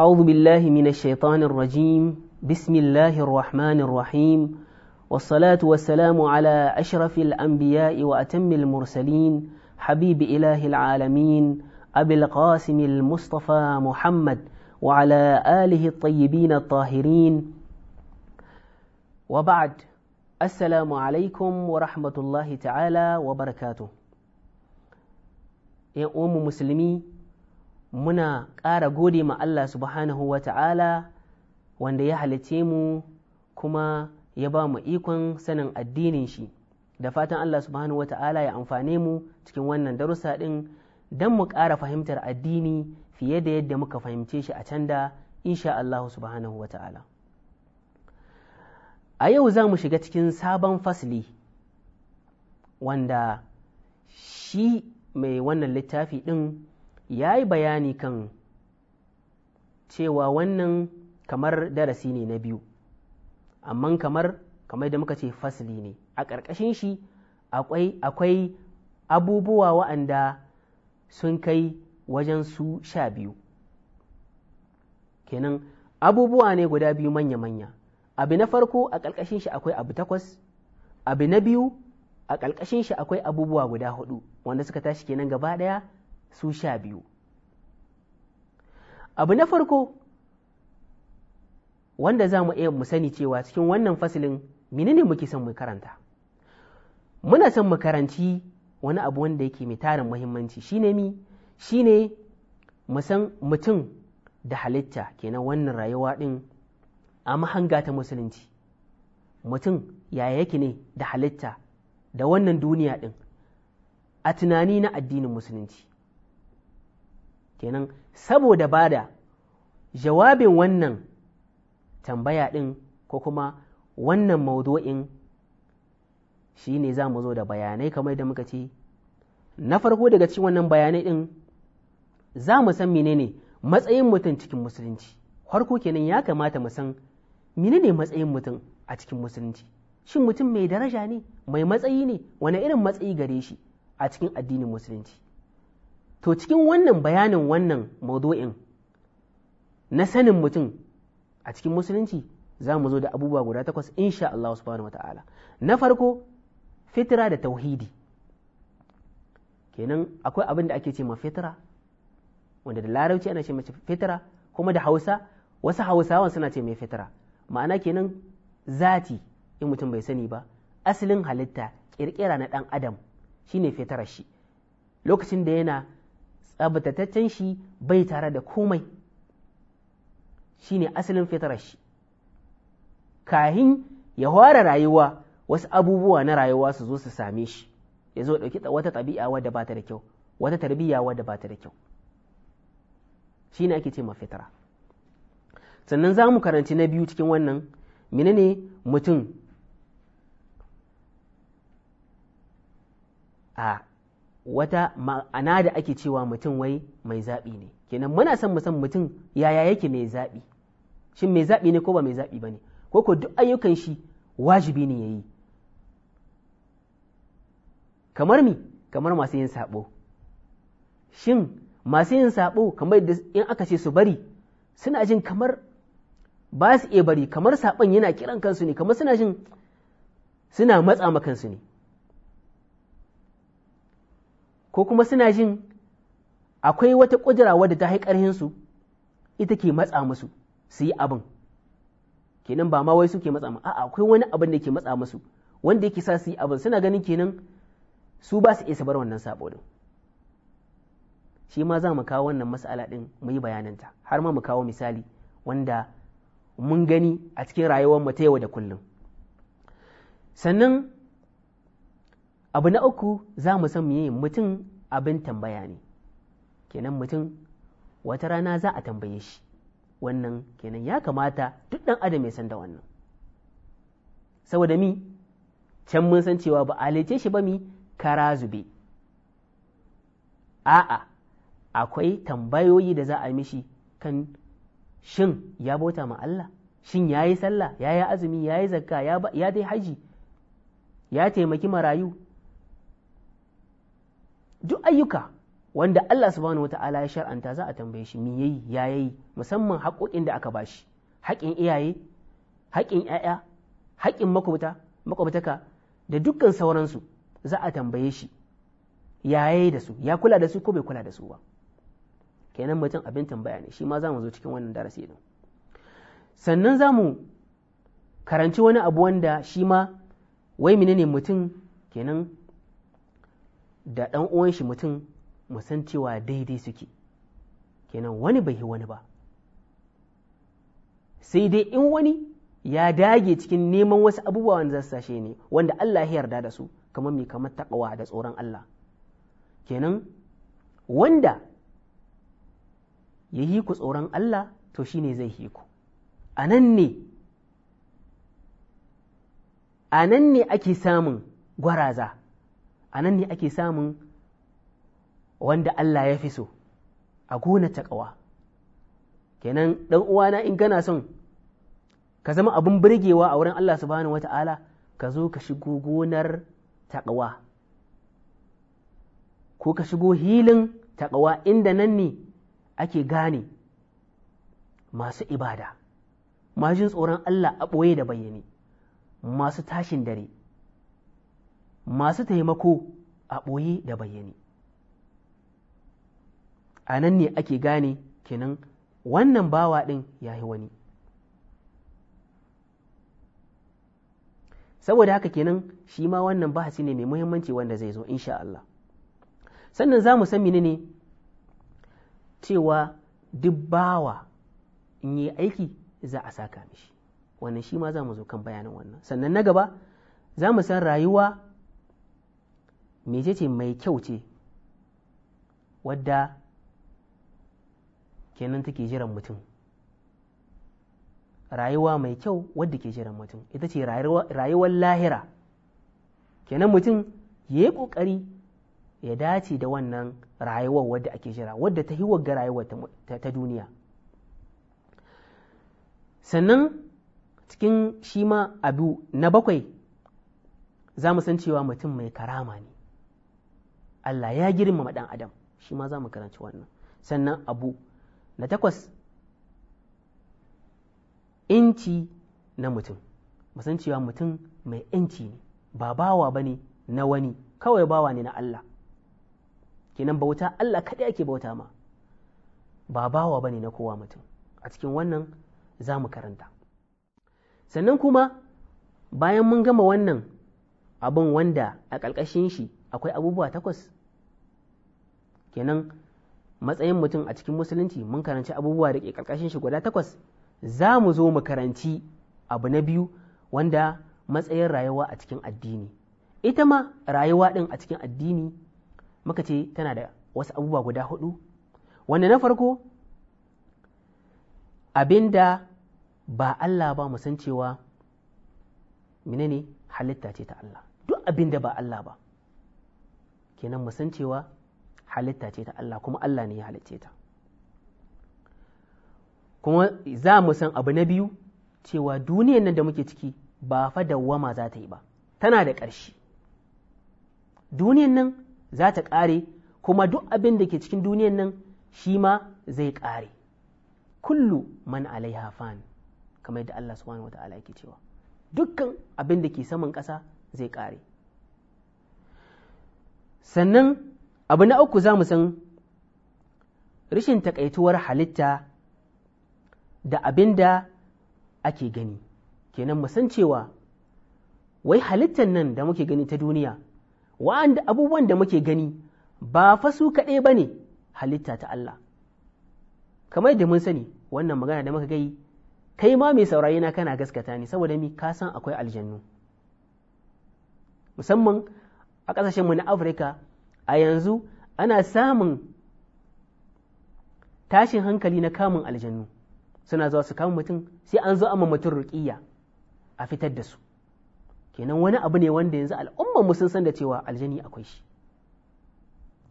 أعوذ بالله من الشيطان الرجيم بسم الله الرحمن الرحيم والصلاة والسلام على أشرف الأنبياء وأتم المرسلين حبيب إله العالمين أبي القاسم المصطفى محمد وعلى آله الطيبين الطاهرين وبعد السلام عليكم ورحمة الله تعالى وبركاته يا أم مسلمي muna ƙara gode ma Allah subhanahu wa ta'ala wanda ya halice mu kuma ya ba mu ikon sanin addinin shi da fatan Allah subhanahu wa ta'ala ya amfane mu cikin wannan darussa ɗin don mu ƙara fahimtar addini fiye da yadda muka fahimce shi a can da insha Allah subhanahu wa ta'ala a yau za mu shiga cikin sabon fasli wanda shi mai wannan littafi ɗin ya yi bayani kan cewa wannan kamar darasi ne na biyu amma kamar kamar da muka ce fasili ne a ƙarƙashin shi akwai abubuwa wa'anda sun kai wajen su sha biyu kenan abubuwa ne guda biyu manya-manya abu na farko a ƙarƙashin shi akwai abu takwas abu na biyu a ƙarƙashin shi akwai abubuwa guda hudu wanda suka tashi kenan gaba ɗaya su sha biyu abu na farko wanda za mu iya mu sani cewa cikin wannan fasilin menene muke son mu karanta muna son mu karanci wani abu wanda yake mai tarin muhimmanci shi ne mi shine mu san mutum da halitta kenan wannan rayuwa ɗin a mahanga ta musulunci mutum yaya yake ne da halitta da wannan duniya ɗin a tunani na addinin musulunci kenan saboda bada jawabin wannan tambaya ɗin ko kuma wannan maudu'in shi ne za mu zo da bayanai kamar da muka ce na farko daga cikin wannan bayanai ɗin za mu san menene matsayin mutum cikin musulunci farko kenan ya kamata mu san menene matsayin mutum a cikin musulunci shin mutum mai daraja ne mai matsayi ne wani irin matsayi gare shi a cikin addinin musulunci to cikin wannan bayanin wannan maudu'in na sanin mutum a cikin musulunci za mu zo da abubuwa guda takwas insha Allah subhanahu wa ta'ala na farko fitra da tauhidi kenan akwai abin da ake ce ma fitra wanda da larabci ana ce mace fitra kuma da hausa wasu hausawan suna ce mai fitra ma'ana kenan zati in mutum bai sani ba asalin halitta ƙirƙira na ɗan adam shine fitarar shi lokacin da yana tsabtataccen shi bai tare da komai shi ne asalin fitarar shi kahin ya fara rayuwa wasu abubuwa na rayuwa su zo su same shi ya zo ɗauki wata ɗabi'a wadda ba ta da kyau wata tarbiyya wadda ba ta da kyau shi ne ake ce ma fitara sannan za mu karanci na biyu cikin wannan menene mutum a wata ma'ana da ake cewa mutum wai mai zaɓi ne kenan muna son mu san mutum yaya yake mai zaɓi shin mai zaɓi ne ko ba mai zaɓi ba ne ko ko duk ayyukan shi wajibi ne ya yi kamar mi kamar masu yin saɓo shin masu yin saɓo kamar da in aka ce su bari suna jin kamar ba su iya bari kamar saɓon yana kiran kansu ne kamar suna jin suna matsa makansu ne ko kuma suna jin akwai wata ƙudura wadda ta haƙarhin su ita ke matsa musu su yi abin kenan ba ma wai su ke matsa musu a'a akwai wani abin da ke matsa musu wanda yake sa su yi abin suna ganin kenan su ba su isa bar wannan sabo din shi ma za mu kawo wannan mas'ala din mu yi bayananta har ma mu kawo misali wanda mun gani a cikin rayuwar mu ta yau da kullum sannan abu na uku za mu san meye mutum abin tambaya ne kenan mutum wata rana za a tambaye shi wannan kenan ya kamata duk ɗan adam ya san da wannan saboda mi can mun san cewa ba a shi ba mi kara zube a'a akwai tambayoyi da za a mishi kan shin ya bauta ma Allah shin ya yi sallah ya yi azumi ya yi zakka ya dai haji ya taimaki marayu duk ayyuka wanda Allah subhanahu wata'ala ya shar'anta za a tambaye shi me yayi ya yayi musamman haƙoƙin da aka bashi haƙin iyaye haƙin ƴaƴa haƙin makwabta makwabtaka da dukkan sauransu za a tambaye shi ya yayi da su ya kula da su ko bai kula da su ba kenan mutum abin tambaya ne shi ma za mu zo cikin wannan darasi din sannan za mu karanci wani abu wanda shi ma wai menene mutum kenan da ɗan uwan shi mutum musan cewa daidai suke kenan wani bai yi wani ba sai dai in wani ya dage cikin neman wasu abubuwa wanda zasu sashe ne wanda Allah ya yarda da su kamar mai kamar taƙawa da tsoron Allah kenan wanda ya yi ku tsoron Allah to shine zai yi ku a ne a nan ne ake samun gwaraza a nan ne ake samun wanda Allah ya fi so a gona taƙawa kenan ɗan uwana in kana son ka zama abin birgewa a wurin Allah subhanahu wata'ala ka zo ka shigo gonar taƙawa ko ka shigo hilin taƙawa inda nan ne ake gane masu ibada majin tsoron Allah a ɓoye da bayyane masu tashin dare masu taimako a ɓoye da bayyane a nan ne ake gane kenan wannan bawa ɗin ya yi wani saboda haka kenan shi ma wannan bahasi ne mai muhimmanci wanda zai zo insha Allah sannan za mu san ne cewa duk bawa in yi aiki za a saka mishi wannan shi ma za mu zo kan bayanin wannan sannan na gaba za mu san rayuwa ce mai kyau ce wadda kenan take jiran mutum rayuwa mai kyau wadda ke jiran mutum ita ce rayuwar lahira kenan mutum ya yi ƙoƙari ya dace da wannan rayuwar wadda ake jira wadda ta hiwar ga rayuwar ta duniya sannan cikin shi ma abu na bakwai za mu san cewa mutum mai karama ne Allah ya girmama ɗan adam shi ma za mu karanci wannan sannan abu na takwas inci na mutum musan cewa mutum mai inci ne ba bawa ba ne na wani kawai bawa ne na Allah kenan bauta Allah kaɗai ake bauta ma ba bawa ba ne na kowa mutum a cikin wannan za mu karanta sannan kuma bayan mun gama wannan abin wanda a ƙalƙashin shi akwai abubuwa takwas kenan matsayin mutum a cikin musulunci mun karanci abubuwa da ke karkashin shi guda takwas za mu zo mu karanci abu na biyu wanda matsayin rayuwa a cikin addini ita ma rayuwa ɗin a cikin addini muka ce tana da wasu abubuwa guda hudu wanda na farko abinda ba Allah ba san cewa menene halitta ce ta Allah duk abinda ba Allah ba kenan san cewa halitta ce ta Allah kuma Allah ne ya halicce ta kuma za mu san abu na biyu cewa duniyan nan da muke ciki ba fa dawwama za ta yi ba tana da ƙarshe duniyan nan za ta ƙare kuma duk abin da ke cikin duniyan nan shi ma zai ƙare kullu man alaiha fan kamar yadda Allah subhanahu wa ta'ala yake cewa dukkan abin da ke saman ƙasa zai ƙare sannan abu na uku za mu san rashin takaituwar halitta da abin da ake gani kenan mu san cewa wai halittar nan da muke gani ta duniya wa'anda abubuwan da muke gani ba fa su kaɗai ba ne halitta ta Allah kamar da mun sani wannan magana da muka gai kai ma mai saurayi na kana gaskata ne saboda mi ka san akwai aljannu musamman a ƙasashenmu na afirka a yanzu ana samun tashin hankali na kamun aljannu suna zuwa su kama mutum sai an zo amma mutum Ruqiyya a fitar da su kenan wani abu ne wanda yanzu al'umma mu sun san da cewa aljani akwai shi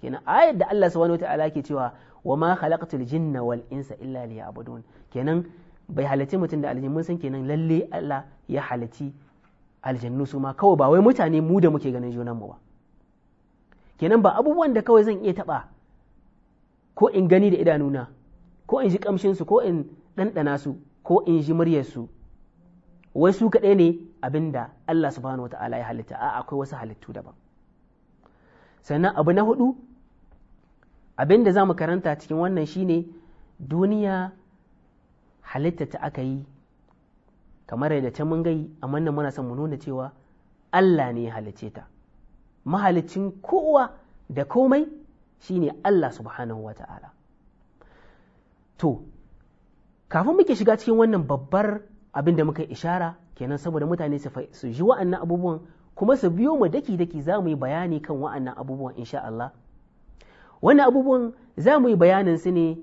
kenan ayar da Allah subhanahu wata'ala ke cewa wa ma khalaqatul jinna wal insa illa liya'budun kenan bai halatti mutum da aljani mun san kenan lalle Allah ya halatti aljannu su ma kawai ba wai mutane mu da muke ganin junan mu ba kenan ba abubuwan da kawai zan iya taɓa ko in gani da idanuna ko in ji su, ko in ɗanɗana su ko in ji muryarsu wai su kaɗai ne abin da Allah subhanahu wa ta'ala ya halitta a akwai wasu halittu daban sannan abu na hudu abin da za mu karanta cikin wannan shine duniya halitta ta aka yi kamar yadda ta mun gai amma nan muna son mu nuna cewa Allah ne ya halicce ta mahalicin kowa da komai shine Allah subhanahu wa ta'ala. To, kafin muke shiga cikin wannan babbar abin da muka ishara kenan saboda mutane su ji wa'annan abubuwan kuma su biyo mu daki-daki za mu yi bayani kan wa'annan abubuwan insha Allah. Wannan abubuwan za mu yi bayanin su ne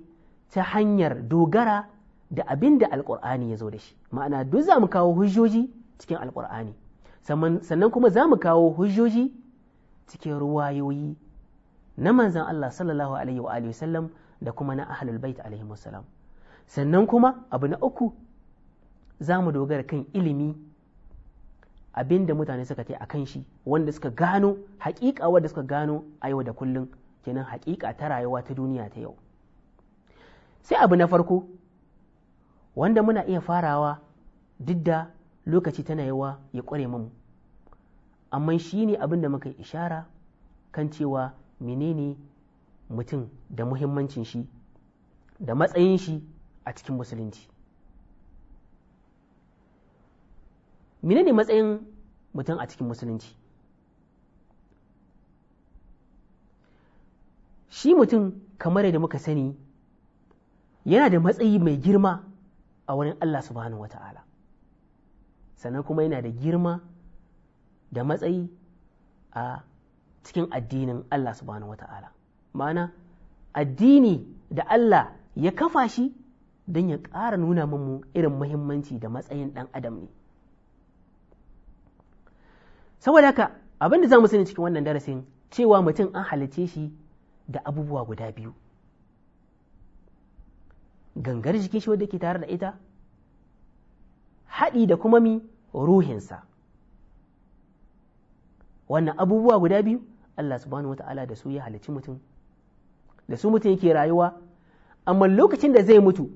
ta hanyar dogara da abin da Alƙur'ani ya zo da shi, ma'ana duk za mu kawo hujjoji cikin Alƙur'ani, sannan kuma za mu kawo hujjoji cikin ruwayoyi na manzan Allah sallallahu alaihi wa alihi wasallam da kuma na ahlul bait alaihi wasallam sannan kuma abu na uku za mu dogara kan ilimi abinda mutane suka ce a kan shi wanda suka gano haƙiƙa wanda suka gano a yau da kullum kenan haƙiƙa ta rayuwa ta duniya ta yau sai abu na farko wanda muna iya farawa duk da lokaci tana yawa ya ƙware mu amma shi ne abin da muka ishara kan cewa menene mutum da muhimmancin shi da matsayin shi a cikin musulunci menene matsayin mutum a cikin musulunci shi mutum kamar yadda muka sani yana da matsayi mai girma a wurin Allah subhanahu wata'ala sannan kuma yana da girma da matsayi a cikin addinin Allah subhanahu wata'ala ma'ana addini da Allah ya kafa shi don ya ƙara nuna mu irin muhimmanci da matsayin ɗan adam ne saboda haka abin da za mu sani cikin wannan darasin cewa mutum an halice shi da abubuwa guda biyu gangar jikin shi wadda ke tare da ita haɗi da kuma mi ruhinsa wannan abubuwa guda biyu Allah subhanahu wata'ala da su ya halicci mutum da su mutum yake rayuwa amma lokacin da zai mutu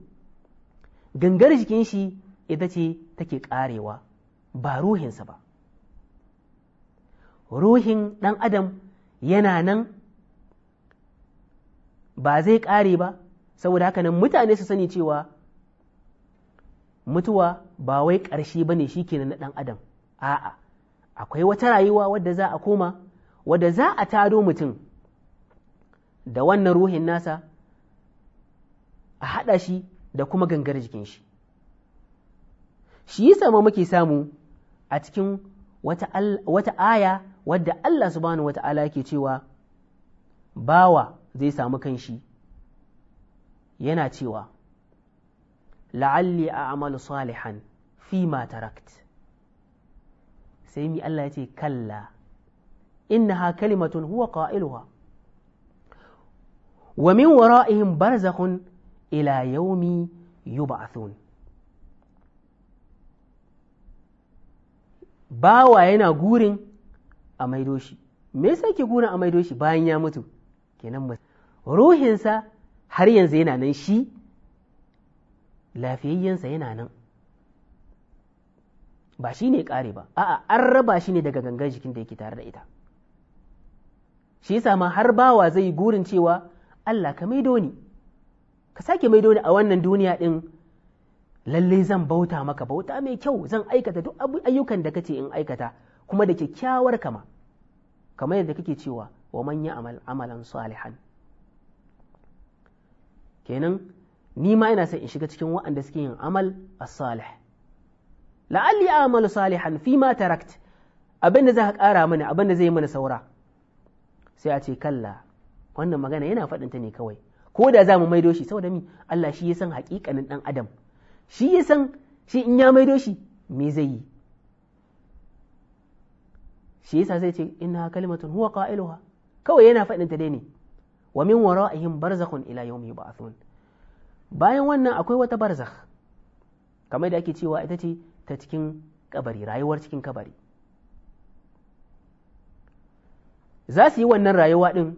gangar jikin shi ita ce take karewa ba ruhinsa ba ruhin ɗan adam yana nan ba zai kare ba saboda haka nan mutane su sani cewa mutuwa ba wai ƙarshe ba ne shi kenan na ɗan adam a'a akwai wata rayuwa wadda za a koma wadda za a tado mutum da wannan ruhin nasa a haɗa shi da kuma gangar jikin shi shi yi sama muke samu a cikin wata aya wadda Allah subhanahu wa ta'ala ke cewa bawa zai samu kanshi yana cewa la'alli a amalu salihan fi ma tarakti sai mi Allah ya ce kalla innaha kalimatun huwa qailuha wa min wara'ihim barzakhun ila yaumi yub'athun bawa yana gurin a maido me yasa ke gurin a maido bayan ya mutu kenan ruhinsa har yanzu yana nan shi lafiyayyensa yana nan ba shi ne kare ba a'a an raba shi ne daga gangan jikin da yake tare da ita shi yasa ma har bawa zai yi gurin cewa Allah ka maido ni ka sake maido ni a wannan duniya din lalle zan bauta maka bauta mai kyau zan aikata duk ayyukan da kace in aikata kuma da kyakkyawar kama kamar yadda kake cewa wa man ya amal amalan salihan kenan ni ma ina son in shiga cikin waɗanda suke yin amal as-salih la'alli amalu salihan fi ma tarakt abin da za ka ƙara mana abin da zai mana saura sai a ce kalla wannan magana yana faɗinta ne kawai ko da za mu maido shi saboda mi Allah shi ya san haƙiƙanin ɗan adam shi ya san shi in ya maido shi me zai yi shi yasa zai ce inna kalimatun huwa qailuha kawai yana faɗinta dai ne wa min wara'ihim barzakhun ila yawmi ba'athun bayan wannan akwai wata barzakh kamar da ake cewa ita ce ta cikin kabari rayuwar cikin kabari za su yi wannan rayuwa ɗin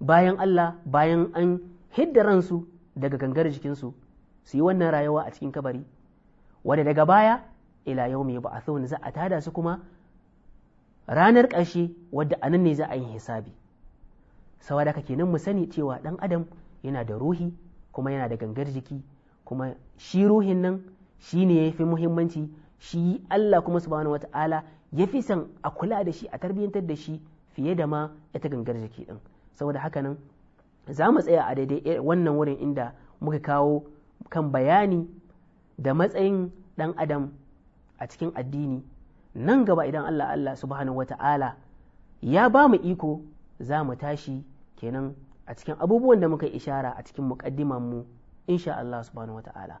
bayan Allah bayan an hidda ransu daga gangar jikinsu su yi wannan rayuwa a cikin kabari wanda daga baya ila yau mai ba'athun za a tada su kuma ranar ƙarshe wadda anan ne za a yi hisabi saboda haka kenan mu sani cewa ɗan adam yana da ruhi kuma yana da gangar jiki kuma shi ruhin nan shi ne ya fi muhimmanci shi Allah kuma subhanahu ala ya fi son a kula da shi a tarbiyyantar da shi fiye da ma ya ta gangar jiki ɗin saboda haka nan za mu tsaya a daidai eh, wannan wurin inda muka kawo kan bayani da matsayin ɗan adam a cikin addini nan gaba idan Allah Allah subhanahu Ala ya ba mu iko za mu tashi kenan a cikin abubuwan da muka ishara a cikin muƙaddiman mu insha Allah subhanahu ta'ala.